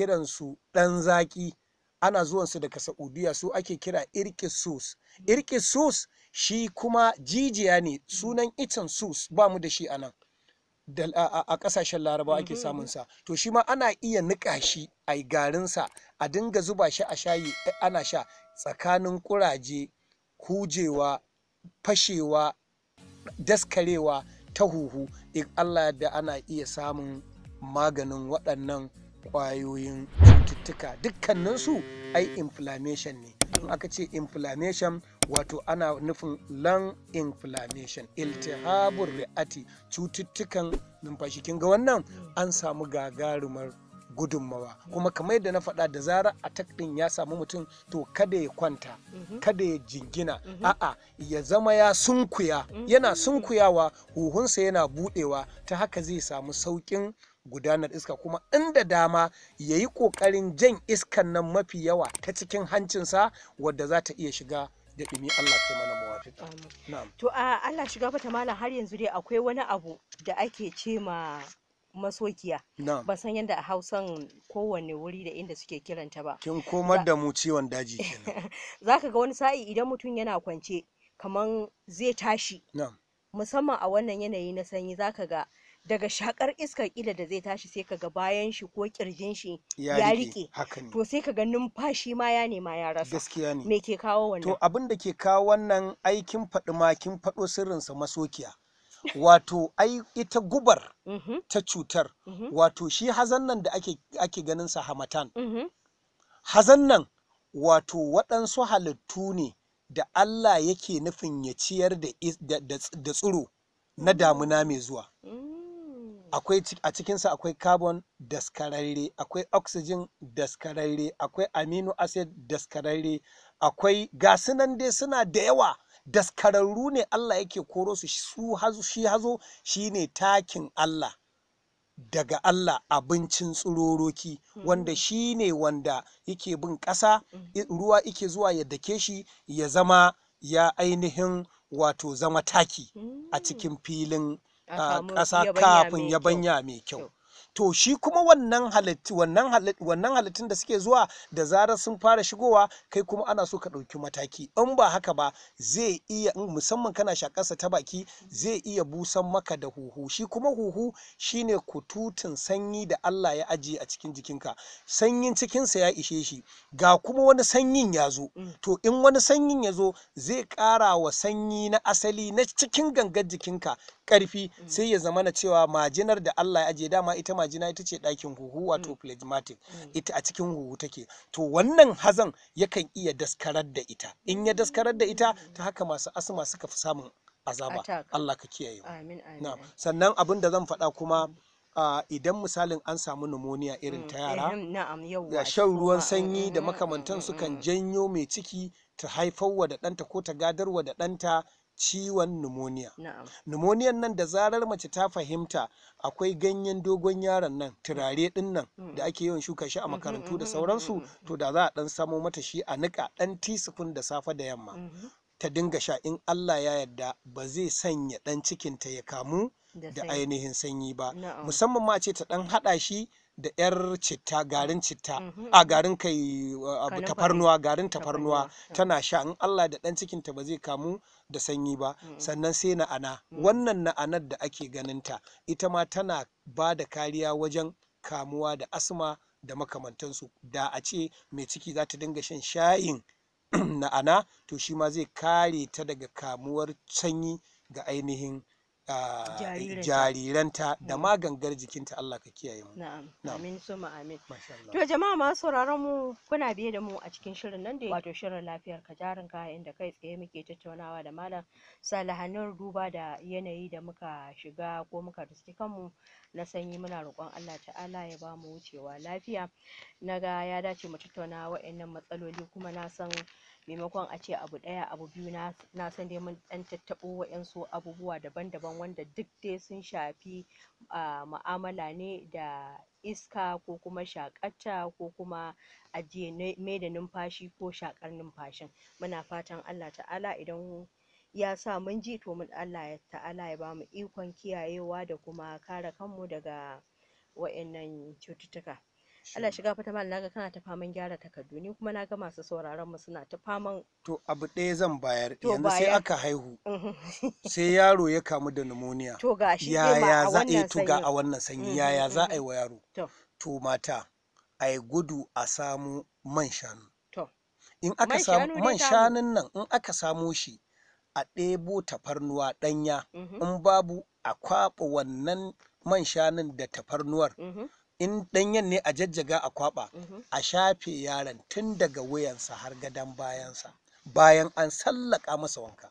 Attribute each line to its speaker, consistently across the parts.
Speaker 1: kiransu ɗan zaƙi ana zuwansu daga Saudiya su ake kira sus irkisus. sus shi kuma jijiya ne sunan itin sus ba mu da shi a nan. a ƙasashen laraba ake mm-hmm. samunsa to shi ma ana iya niƙa shi a garinsa a dinga zuba shi a shayi eh, ana sha tsakanin kuraje hujewa fashewa daskarewa ta huhu in allah da ana iya samun maganin waɗannan kwayoyin cututtuka dukkaninsu ai inflammation ne in aka ce inflammation wato ana nufin lung inflammation iltihabur ri'ati cututtukan numfashi kin wannan an samu gagarumar gudunmawa kuma kamar yadda na faɗa da zarar a ɗin ya samu mutum to kada ya kwanta mm-hmm. kada ya jingina mm-hmm. a'a ya zama ya sunkuya yana mm-hmm. sunkuyawa huhunsa yana buɗewa ta haka zai samu sauƙin gudanar iska kuma inda dama ya yi ƙoƙarin jan iskan nan mafi yawa ta cikin hancinsa wadda za ta iya shiga da ɗumi Allah ta mana mawafi.
Speaker 2: To a Allah shiga fata malam har yanzu dai akwai wani abu da ake ce ma masokiya. Ba san yadda a Hausan kowane wuri da inda suke kiranta ba. Kin komar da mu
Speaker 1: ciwon daji kenan.
Speaker 2: Zaka ga wani sa'i idan mutum yana kwance kaman zai tashi. Musamman a wannan yanayi na sanyi zaka ga daga shakar iskar ƙila da zai tashi sai kaga bayan shi ko kirjin shi ya rike to sai kaga numfashi ma ya nema ya rasa gaskiya ne me ke kawo wannan to
Speaker 1: abin da ke kawo wannan aikin faɗi ma kin faɗo sirrinsa masokiya wato ai ita gubar mm-hmm. ta cutar mm-hmm. wato shi hazan nan da ake, ake ganin sa hamatan mm-hmm. hazan nan wato waɗansu halittu ne da Allah yake nufin ya ciyar da tsiro na damuna mai zuwa mm. akwai a cikinsa akwai carbon daskararre akwai oxygen daskararre akwai amino acid daskararre akwai nan dai suna da yawa daskararru ne Allah yake koro su su hazo shi hazo shine takin Allah daga Allah abincin tsuroroki wanda mm. shi ne wanda yake bin ƙasa mm. ruwa yake zuwa ya dake shi ya zama ya ainihin wato zama taki a mm. cikin filin a ƙasa kafin banya mai kyau to shi kuma wannan halittu wannan halittu wannan halittun da suke zuwa da zarar sun fara shigowa kai kuma ana so ka ɗauki mataki in ba haka ba zai iya musamman kana sa ta baki zai iya busan maka da huhu shi kuma huhu shine kututun sanyi da Allah ya ajiye a cikin jikinka sanyin cikinsa ya ishe shi ga kuma wani sanyin ya zo mm. to in wani sanyin ya zo zai ƙara wa sanyi na asali na cikin gangar jikinka karfi mm. sai ya zama na cewa majinar da Allah ya aje dama ita majina ita ce ɗakin huhu mm. wato phlegmatic mm. ita a cikin huhu take to wannan hazan yakan iya daskarar da ita in ya daskarar da ita ta haka masu asma suka fi samun azaba Allah ka kiyaye mu sannan abin da zan faɗa kuma Uh, idan misalin an samu pneumonia irin ta yara ya shan ruwan sanyi da makamantan su kan janyo mai ciki ta haifarwa da ɗanta ko ta gadarwa da ɗanta ciwon pneumonia. Pneumonia nan da zarar mace ta fahimta akwai ganyen dogon yaron nan turare din nan mm. da ake yawan shuka shi a mm-hmm, makarantu da mm-hmm, sauransu mm-hmm, to da za a dan samo mata shi a nika dan teaspoon da safe da yamma. Ta dinga sha in Allah ya yarda ba zai sanya dan cikinta ya kamu da ainihin sanyi ba musamman ma ce ta dan hada shi da yar citta garin citta mm-hmm. a garin kai tafarnuwa garin tafarnuwa tana sha in Allah da dan cikin ta ba zai kamu da sanyi ba mm. sannan sai na'ana mm. wannan na'anar da ake ganinta ita ma tana ba da kariya wajen kamuwa da asma da makamantansu da a ce mai ciki za ta dinga shan shayin na'ana to shi ma zai kare ta daga kamuwar sanyi ga ainihin jariranta da mm. ma gangar jikinta Allah ka
Speaker 2: kiyaye mu amin suma amin to jama'a masu sauraron mu kuna biye da mu a cikin shirin nan da ya wato shirin lafiyar ka jarin ka inda kai tsaye muke tattaunawa da malam salahanur duba da yanayi da muka shiga ko muka riski kanmu na sanyi muna roƙon Allah ta'ala ya bamu wucewa lafiya na ga ya dace mu tattauna wa'annan matsaloli kuma na san maimakon a ce abu ɗaya abu biyu na na san dai mun ɗan tattaɓo wa'yansu abubuwa daban-daban wanda duk dai sun shafi a mu'amala ne da iska ko kuma shaƙarta ko kuma ajiye maida numfashi ko shaƙar numfashin muna fatan Allah ta'ala idan ya sa mun ji to Allah ta'ala ya bamu ikon kiyayewa da kuma kare kanmu daga waƴannan cututtuka Allah shiga fata mal naga kana ta faman gyara takardu ni kuma naga masu sauraron mu suna ta faman
Speaker 1: to abu ɗaya zan bayar yanzu sai aka haihu
Speaker 2: mm-hmm.
Speaker 1: sai yaro ya kamu da pneumonia to gashi shi eh, eh, mm-hmm, yaya za a to ga a wannan sanyi yaya za a yi wa yaro to mata a gudu a samu man shanu in aka samu man shanun nan in aka samo shi a ɗebo tafarnuwa ɗanya mm-hmm. in babu a kwaɓa wannan man shanun da tafarnuwar mm -hmm. in ɗanyen ne a jajjaga a kwaba mm-hmm. a shafe yaron tun daga wuyansa har gadon bayansa bayan an sallaka masa wanka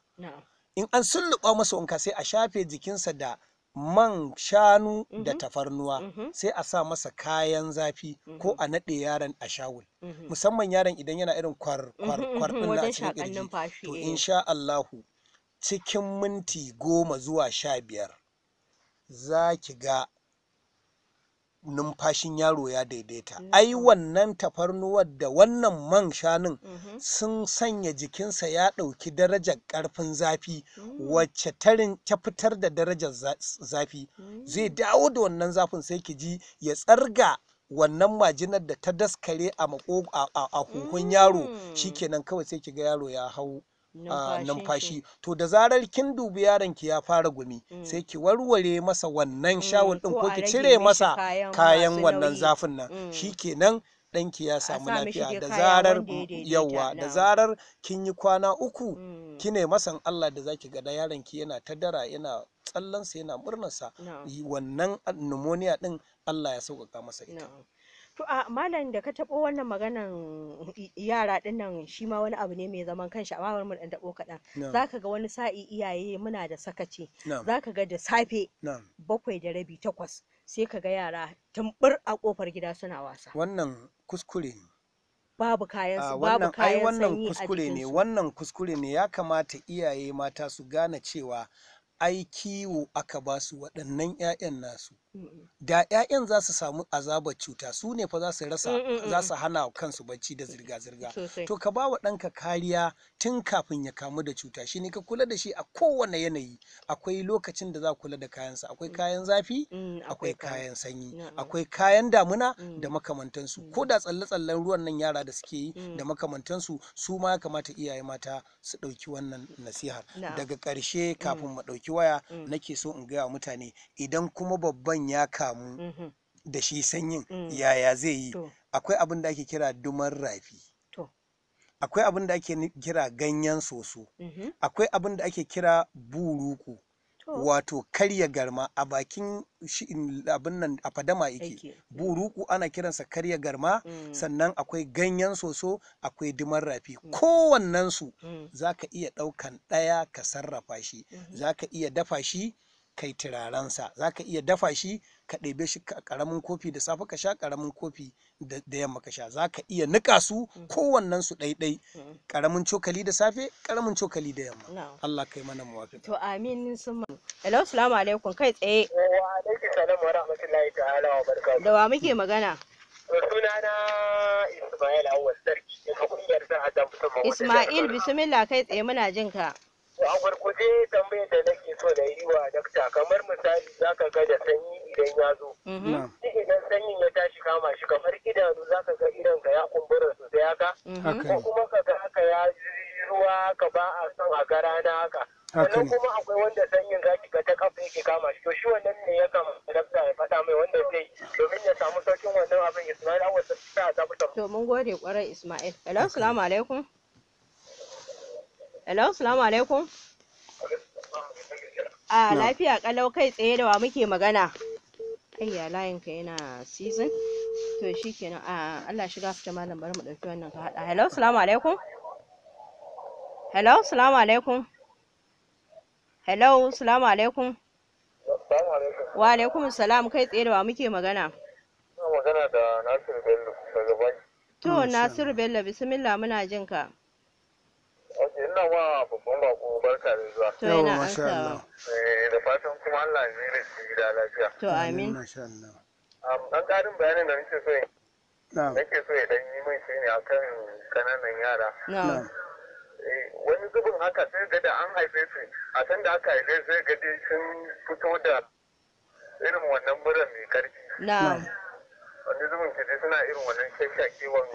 Speaker 1: in an sulluɓa masa wanka sai a shafe jikinsa da man shanu da mm-hmm. tafarnuwa mm-hmm. sai a sa masa kayan zafi ko a naɗe yaron a shawul musamman yaron idan yana irin kwar kwar a cikin ƙirji, to eh. insha Allahu cikin minti goma zuwa sha biyar za ki ga numfashin yaro ya daidaita mm-hmm. ai wannan tafarnuwar da wannan man shanun mm-hmm. sun sanya jikinsa ya ɗauki darajar ƙarfin zafi mm. wacce tarin ta fitar da darajar zafi zai mm. dawo da wannan zafin sai ki ji ya tsarga wannan majinar da ta daskare a huhun yaro shi mm. shikenan kawai sai ki ga yaro ya hau Ah, numfashi to da zarar kin dubi yaron ki ya fara gumi mm. sai ki warware masa wannan mm, shawul din ko ki cire masa kayan wannan zafin nan mm. shi shikenan ɗanki ya samu lafiya da zarar yawa da zarar kin yi kwana uku kine masan Allah da zaki ga da yaron ki yana ta dara yana tsallansa yana murnarsa wannan pneumonia din Allah ya sauƙaƙa masa ita.
Speaker 2: To a malam da ka taɓo wannan maganan yara dinnan shi ma wani abu ne mai zaman kanshi amma bari mu dan taɓo kaɗan. za ka ga wani sa'i iyaye muna da sakaci. za ka ga da safe bakwai da rabi takwas sai ka ga yara tumɓur a kofar gida suna wasa.
Speaker 1: Wannan kuskure ne.
Speaker 2: Babu kayan su babu kayan sanyi a kuskure ne
Speaker 1: wannan kuskure ne ya kamata iyaye mata su gane cewa ai kiwo aka su waɗannan 'ya'yan nasu. da 'ya'yan za su samu azabar cuta su ne fa za su rasa za su hana kansu bacci da zirga-zirga to ka ba wa ɗanka kariya tun kafin ya kamu da cuta shi ne ka kula da shi a kowane yanayi akwai lokacin da za kula da kayansa akwai mm. kayan zafi mm, akwai kayan sanyi akwai kayan damuna da mm. makamantansu ko da tsalle-tsallen ruwan nan yara da suke yi da makamantansu su ma ya kamata iyaye mata su ɗauki wannan nasiha. daga ƙarshe kafin mu ɗauki waya nake so in gaya mutane idan kuma babban ciwon ya kamu da shi sanyin mm. yaya zai yi akwai abin da ake kira duman rafi akwai abin da ake kira ganyen soso akwai abin da ake kira buruku wato karya garma a bakin shi abin nan a fadama yake mm. buruku ana kiransa karya garma mm. sannan akwai ganyen soso akwai diman rafi kowannensu za ka iya ɗaukan ɗaya ka sarrafa shi za ka iya dafa shi kai turarensa za ka iya dafa shi ka ɗebe shi ƙaramin kofi da safe ka sha ƙaramin kofi da yamma ka sha za ka iya niƙa su mm. kowannen su ɗaiɗai mm. ƙaramin cokali da safe ƙaramin cokali da yamma Allah kai mana muwafi
Speaker 2: to amin sun hello assalamu alaikum kai tsaye eh, wa ta'ala wa da wa muke magana
Speaker 1: sunana Ismail Awwal Sarki Ismail
Speaker 2: bismillah kai tsaye muna jin ka
Speaker 1: a gwargwaje tambayar da nake so da yi wa dakta kamar misali za ka ga da sanyi idan ya zo mhm. idan sanyin ya tashi kama shi kamar idanu za ka ga idan ka ya kumbura sosai haka mhm. ko kuma ka ga haka ya ruwa ka ba a son a gara na haka sannan kuma akwai wanda sanyin za ki ga ta kafa yake kama shi to shi wannan ne ya kama dakta ya fata
Speaker 2: mai wanda zai domin ya samu saukin wannan abin ismail awasa ta ta to mun gode kwarai ismail hello assalamu alaikum hello salamu alaikum a lafiya kalau kai tsaye da wa muke magana ayya layin ka yana season to shikenan a Allah shiga fita malam bari mu dauki wannan ka hada hello salamu alaikum hello salamu alaikum hello salamu alaikum wa alaikum salam kai tsaye da wa muke magana magana da Nasir Bello daga To Nasir Bello bismillah muna jin ka
Speaker 1: muna wa babban bako barka da zuwa. To yana masha Allah. Eh, da fatan kuma Allah ne da shi da lafiya. To amin. Dan karin bayanin da nake so nake so ya dan yi min shi ne akan kananan
Speaker 2: yara.
Speaker 1: Eh, wani zubin haka sai ga da an haife su a san da aka haife sai ga dai sun fito da irin wannan mura mai karfi. Wani zubin kaje suna irin wannan shakkewan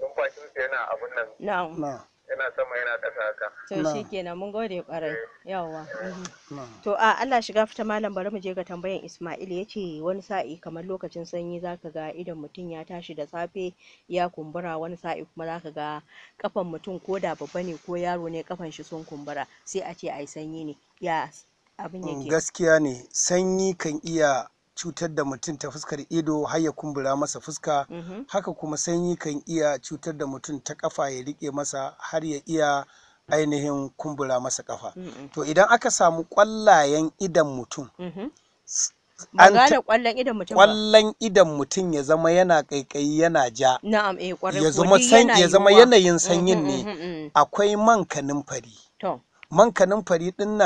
Speaker 1: numfashinsu yana abun
Speaker 2: nan.
Speaker 1: yana sama yana ƙasa haka
Speaker 2: to kenan mun gode ƙwarai yawa mhm. to a Allah shiga fita malam bari mu je ga tambayan Ismail ya ce wani sa'i kamar lokacin sanyi za ka ga idon mutum ya tashi da safe ya kumbura wani sa'i kuma za ka ga kafan mutum ko da babba ne ko yaro ne kafan shi sun kumbura sai a ce ai sanyi ne ya abin yake
Speaker 1: gaskiya ne sanyi kan iya cutar da mutum ta fuskar ido har ya kumbura masa fuska mm-hmm. haka kuma sanyi kan iya cutar da mutum ta kafa ya rike masa har ya iya ainihin kumbura masa kafa to idan aka samu kwallayen idan mutum kwallon mm-hmm. idan mutum ya zama yana kaikayi yana ja
Speaker 2: eh, ya zama yanayin sanyin mm-hmm, ne
Speaker 1: akwai man kanin fari man kanin fari din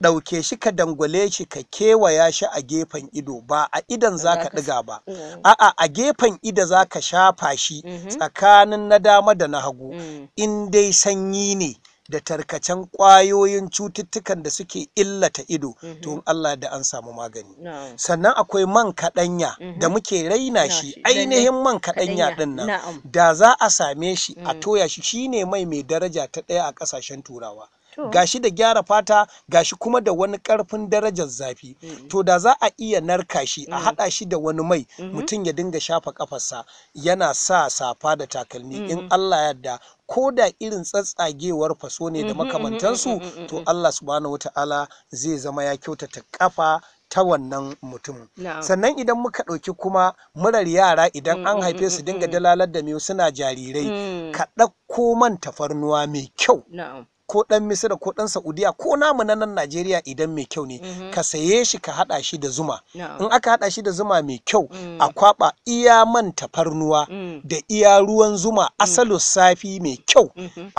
Speaker 1: ɗauke shi ka dangwale shi ka kewaya shi a gefen ido ba a idan za ka ɗiga ba mm. a'a a gefen ido za ka shafa shi mm-hmm. tsakanin na dama da na hagu mm. in dai sanyi ne da tarkacen ƙwayoyin cututtukan da suke illata ido Tun mm-hmm. Allah da an samu magani sannan akwai man kaɗanya da mm-hmm. muke raina shi ainihin man kaɗanya ɗin nan da za a same shi a mm. toya shi shine mai mai daraja ta ɗaya a ƙasashen turawa gashi da gyara fata gashi kuma da wani karfin darajar zafi to da za a iya narka shi a mm. haɗa shi da wani mai mm-hmm. mutum ya dinga shafa kafarsa yana sa safa da takalmi in mm-hmm. Allah ya da ko da irin tsatsagewar faso ne da mm-hmm, makamantansu to Allah subhanahu wata'ala zai zama ya kyautata kafa ta wannan mutum. sannan idan muka ɗauki kuma murar yara idan an haife su dinga dalalar da miyu suna jarirai mm. ka ɗauko manta farnuwa mai kyau ko ɗan misira ko ɗan saudiya ko namu na nan najeriya idan mai kyau ne mhm. ka saye shi ka hada shi da zuma in aka hada shi da zuma mai kyau a mm. kwaba iya man tafarnuwa mm. da iya ruwan zuma mm. asalo safi mai kyau mhm.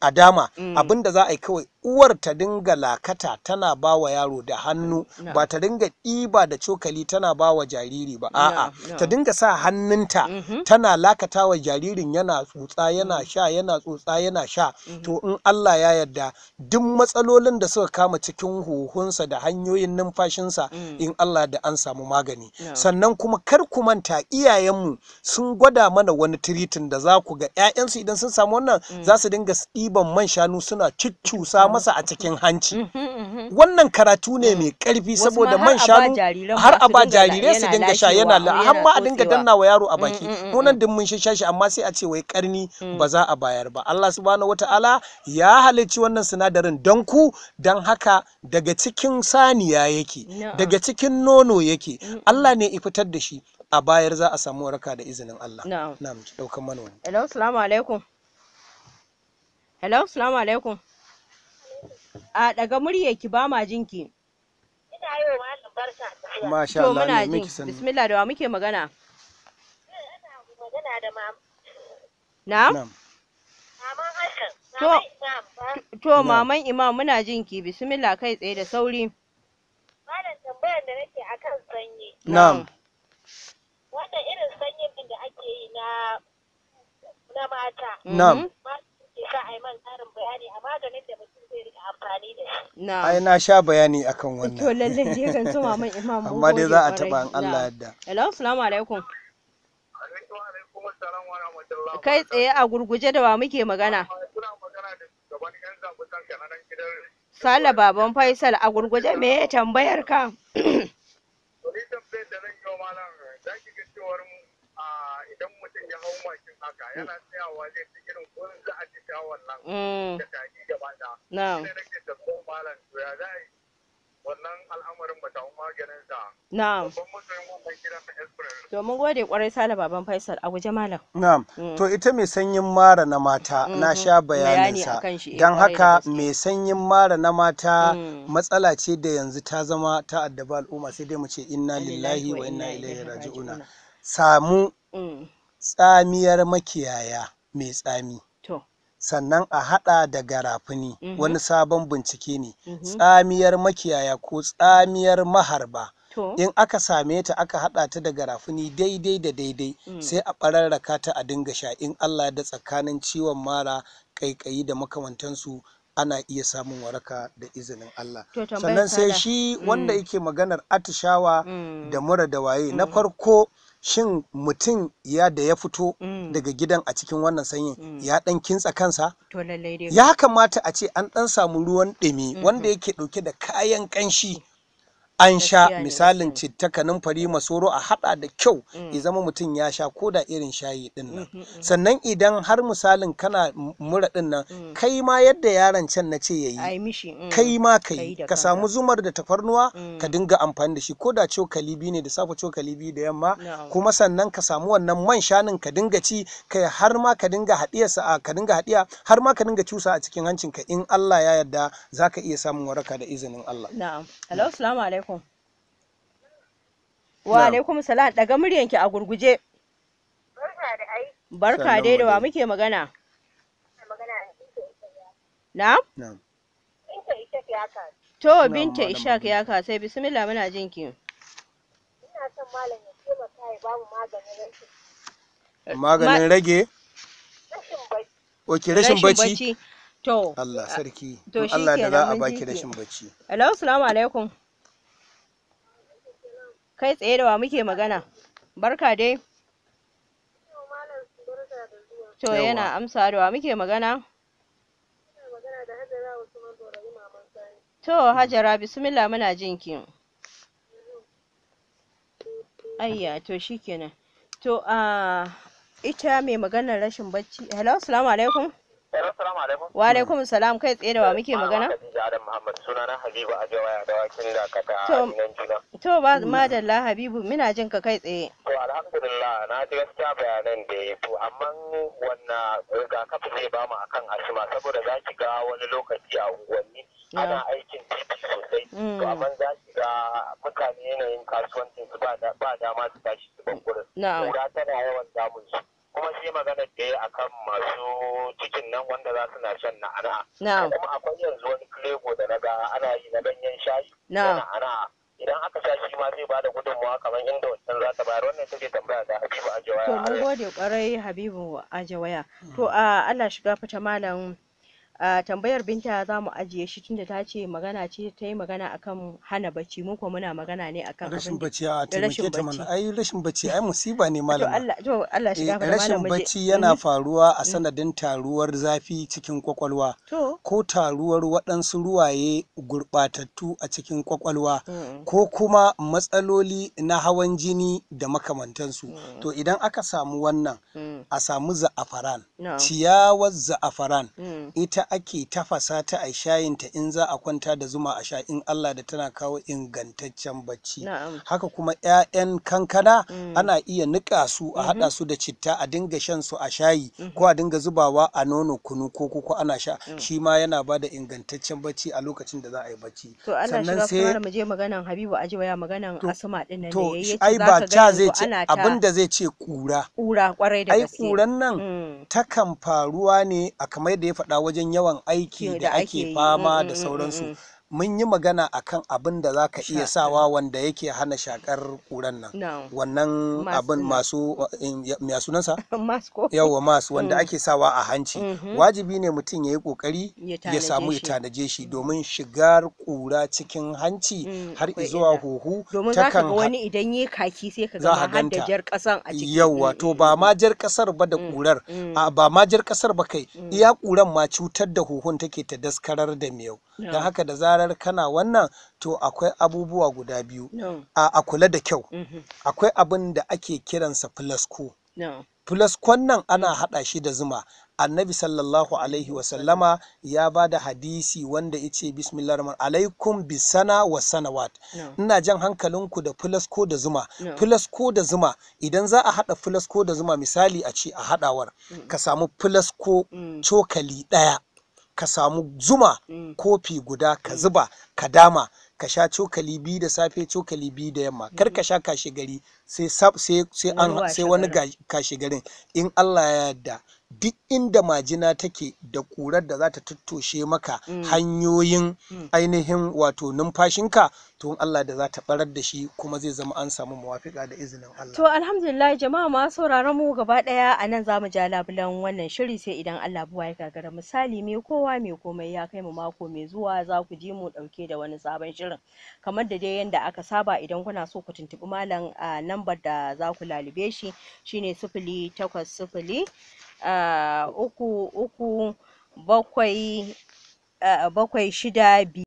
Speaker 1: a dama abinda za a yi kawai uwar ta dinga lakata tana ba wa yaro da hannu ba ta dinga ɗiba da cokali tana ba wa jariri ba a'a ta dinga sa hannunta mm-hmm. tana lakata wa jaririn yana tsotsa mm. yana sha yana tsotsa yana sha to in Allah ya yarda duk matsalolin da suka kama cikin huhunsa da hanyoyin numfashinsa mm. in Allah da an samu magani sannan kuma kar ku manta iyayenmu sun gwada mana wani tiritin da za ku ga 'ya'yansu idan sun samu wannan mm. za su dinga ɗiban man shanu suna ciccusa masa a cikin hanci mhm, mhm. wannan karatu ne mm. mai karfi saboda man shanu har a ba jarirai su dinga sha yana har ma a dinga danna wa yaro a mm, baki mm, nonon din mun sha shi amma sai a ce wai karni ba za a bayar ba Allah subhanahu wataala ya halicci wannan sinadarin don ku don haka daga cikin saniya yake daga cikin nono yake Allah ne fitar da shi a bayar za a samu waraka da izinin Allah na'am na'am daukan manomi.
Speaker 2: hello assalamu alaikum hello assalamu alaikum A daga muryarki ba ma jinki. Ina yi muna jin. magana? To, to maman Imam muna jinki. Bismillah kai tsaye da sauri. Malam tambayar da nake akan sanyi. Na'am. Wanda irin sanyin din da ake yi na na mata. Na'am. Ba mm-hmm. su ke sa yi man karin bayani a maganin da mutum
Speaker 1: ai na sha bayani akan wannan to lallai je kan so maman imam amma dai za a taba an Allah yadda
Speaker 2: hello assalamu alaikum Alaikum kai tsaye a gurguje da wa muke magana ah, Sala baban Faisal a gurguje me ya tambayar ka? Ni tambayar da zan yi malam, za ki hau mashin haka yana tsayawa zai
Speaker 1: ta irin gurin za a cika wannan mm. da taki gaba da na'am ina nake tambayar malam ya za
Speaker 2: wannan al'amarin ba ta maganin sa na'am babban masoyin wannan gidan na express to gode kwarai sale baban faisal a guje malam na'am mm. to
Speaker 1: ita mai sanyin mara na mata mm-hmm. na sha bayanin sa dan eh, haka mai sanyin mara na mata mm. matsala ce da yanzu ta zama ta addaba al'umma sai dai mu ce inna lillahi wa inna ilaihi raji'una samu tsamiyar makiyaya mai tsami. sannan a haɗa da garafuni mm-hmm. wani sabon bincike ne mm-hmm. tsamiyar makiyaya ko tsamiyar maharba in aka same ta aka haɗa ta da garafuni daidai da daidai mm. sai a ɓararraka ta a dinga sha in Allah da tsakanin ciwon mara ƙaiƙayi da makamantansu ana iya samun waraka da izinin Allah sannan sai shi mm. wanda yake maganar atishawa mm. da mura da waye na farko shin mutum ya da ya fito mm. daga gidan a cikin wannan sanyin mm. ya dan kintsa kansa ya kamata a ce an dan samu ruwan ɗumi mm-hmm. wanda yake ɗauke da kayan ƙanshi an sha misalin citta kanumfari masoro a hada da kyau mm. ya zama mutum ya sha ko da irin shayi din nan mm-hmm, mm-hmm. sannan idan har misalin kana mura din nan mm. kai ma yadda yaron can na ce yayi mm. kai ma kai ka samu zumar da tafarnuwa ka dinga amfani da shi ko da cokali biyu ne da safe cokali biyu da yamma kuma sannan ka samu wannan man shanin ka dinga ci kai har ma ka dinga haɗiya sa'a ka dinga hadiya har ma ka dinga cusa a cikin hancinka in Allah ya yarda zaka iya samun waraka da izinin Allah
Speaker 2: na'am alaikum Wa alaikum salam daga muryanki a gurguje. Barka da aiki. Barka dai da wa muke magana. Magana Na? Na.
Speaker 1: Binta Ishaq ya kasu.
Speaker 2: To Binta Ishaq ya kasu bismillah muna jin ki. Ina
Speaker 1: son malam ya taimaka ya
Speaker 2: bamu maganin rashin. Eh, maganin rage?
Speaker 1: Rashin Oke rashin bacci.
Speaker 2: To. Allah sarki. To Allah da za a baki rashin bacci. Hello, assalamu alaikum. kai tsaye da wa muke magana barka dai to yana amsa da wa muke magana to hajara bismillah muna jinki ayya to shikenan to a ah, ita mai maganar rashin bacci hello assalamu alaikum
Speaker 1: Wa alaikum salam kai tsaye da wa muke magana? Sunana Habibu a jawaya da wakin da kata a To ba madalla
Speaker 2: Habibu muna jin ka kai tsaye. To
Speaker 1: alhamdulillah na ji gaskiya bayanan da ya to amma wannan ga kafa zai ba mu akan asuma saboda za ki ga wani lokaci a unguwanni ana aikin titi sosai. To mm. amma za ki ga mutane yanayin kasuwancin su ba dama su tashi su ban Na'am. Ga tana yawan damun su. magana da ya akan masu cikin nan wanda za su na shan Na. Kuma akwai yanzu wani klego da na ga ana yi na ganyen shayi. Ana. Idan aka sha shi ma zai bada gudunmawa kamar inda wancan za ta bayar wannan take
Speaker 2: tambaya da Habibu Ajawaya. To mun gode kwarai Habibu Ajawaya. Hmm. To a Allah shiga fita malam tambayar binta za mu ajiye shi tunda ta ce magana ce ta yi magana akan hana bacci mu kuma muna magana ne akan rashin bacci a taimake ta mana
Speaker 1: ai rashin bacci ai musiba ne malama
Speaker 2: eh, rashin bacci yana mhm.
Speaker 1: faruwa a mm. sanadin taruwar zafi cikin kwakwalwa ko taruwar waɗansu ruwaye gurɓatattu a cikin kwakwalwa mm. ko kuma matsaloli na hawan jini da makamantansu mm. to idan aka samu wannan a samu za'afaran ciyawar za'afaran ita ita ake tafasa ta a shayin ta in za a kwanta da zuma a sha in Allah da tana kawo ingantaccen bacci haka kuma ƴaƴan kankana mm. ana iya niƙa su a haɗa mm-hmm. su da citta a dinga shan su a shayi mm-hmm. ko a dinga zubawa a nono kunu ko koko ana sha mm. shi ma yana ba da ingantaccen bacci a lokacin da za a yi bacci sannan sai mu
Speaker 2: je maganan Habibu Ajiwaya maganan asma din nan to ai ba ta zai ce abinda
Speaker 1: zai ce kura
Speaker 2: kura kwarai da gaske ai kuran nan mm.
Speaker 1: takan faruwa ne a kamar da ya faɗa wajen yawan aiki da ake mm, fama da mm, mm, sauransu mun yi magana akan abin da za ka iya sawa wanda yake hana shakar kuran nan wannan abin masu ya sunansa yawa masu wanda mm. ake sawa a hanci mm-hmm. wajibi ne mutum ya yi kokari ya samu ya tanaje shi domin shigar kura cikin hanci mm, har zuwa huhu ta kan ka wani
Speaker 2: idan kaki sai ka ga har da jar kasan a ciki yawa to
Speaker 1: ba ma mm, jar kasar ba da kurar ba ma jar kasar ba kai iya kuran ma cutar da huhun take ta daskarar da miyau don haka da zarar zarar kana wannan to akwai abubuwa guda biyu a kula da kyau mm-hmm. akwai abin da ake kiransa fulasko fulaskon nan ana mm. hada shi da zuma annabi sallallahu alaihi wasallama ya ba da hadisi wanda ya ce bismillah rahman alaikum bisana wa sanawat ina jan hankalinku da fulasko da zuma fulasko da zuma idan za a hada fulasko da zuma misali a ce a hadawar mm. ka samu fulasko mm. cokali daya. ka samu zuma mm. kofi guda ka mm. zuba ka dama ka sha cokali biyu da safe cokali biyu da yamma kar mm. ka sha kashe gari sai sai wani kashe garin in Allah ya yarda duk inda majina take da ƙurar da za ta tattoshe maka mm. hanyoyin mm. ainihin wato numfashinka to in Allah da za ta barar da shi kuma zai zama an samu mawafika da izinin Allah. To
Speaker 2: alhamdulillah jama'a ma sauraron mu gaba daya a nan za mu ja labulan wannan shiri sai idan Allah buwa ya gagara misali me kowa me komai ya kai mu mako mai zuwa za ku ji mu dauke da wani sabon shirin kamar da dai yanda aka saba idan kuna so ku tuntubi malam nan lambar da za ku lalube shi shine sifili takwas sifili uku uku bakwai bakwai shida biyu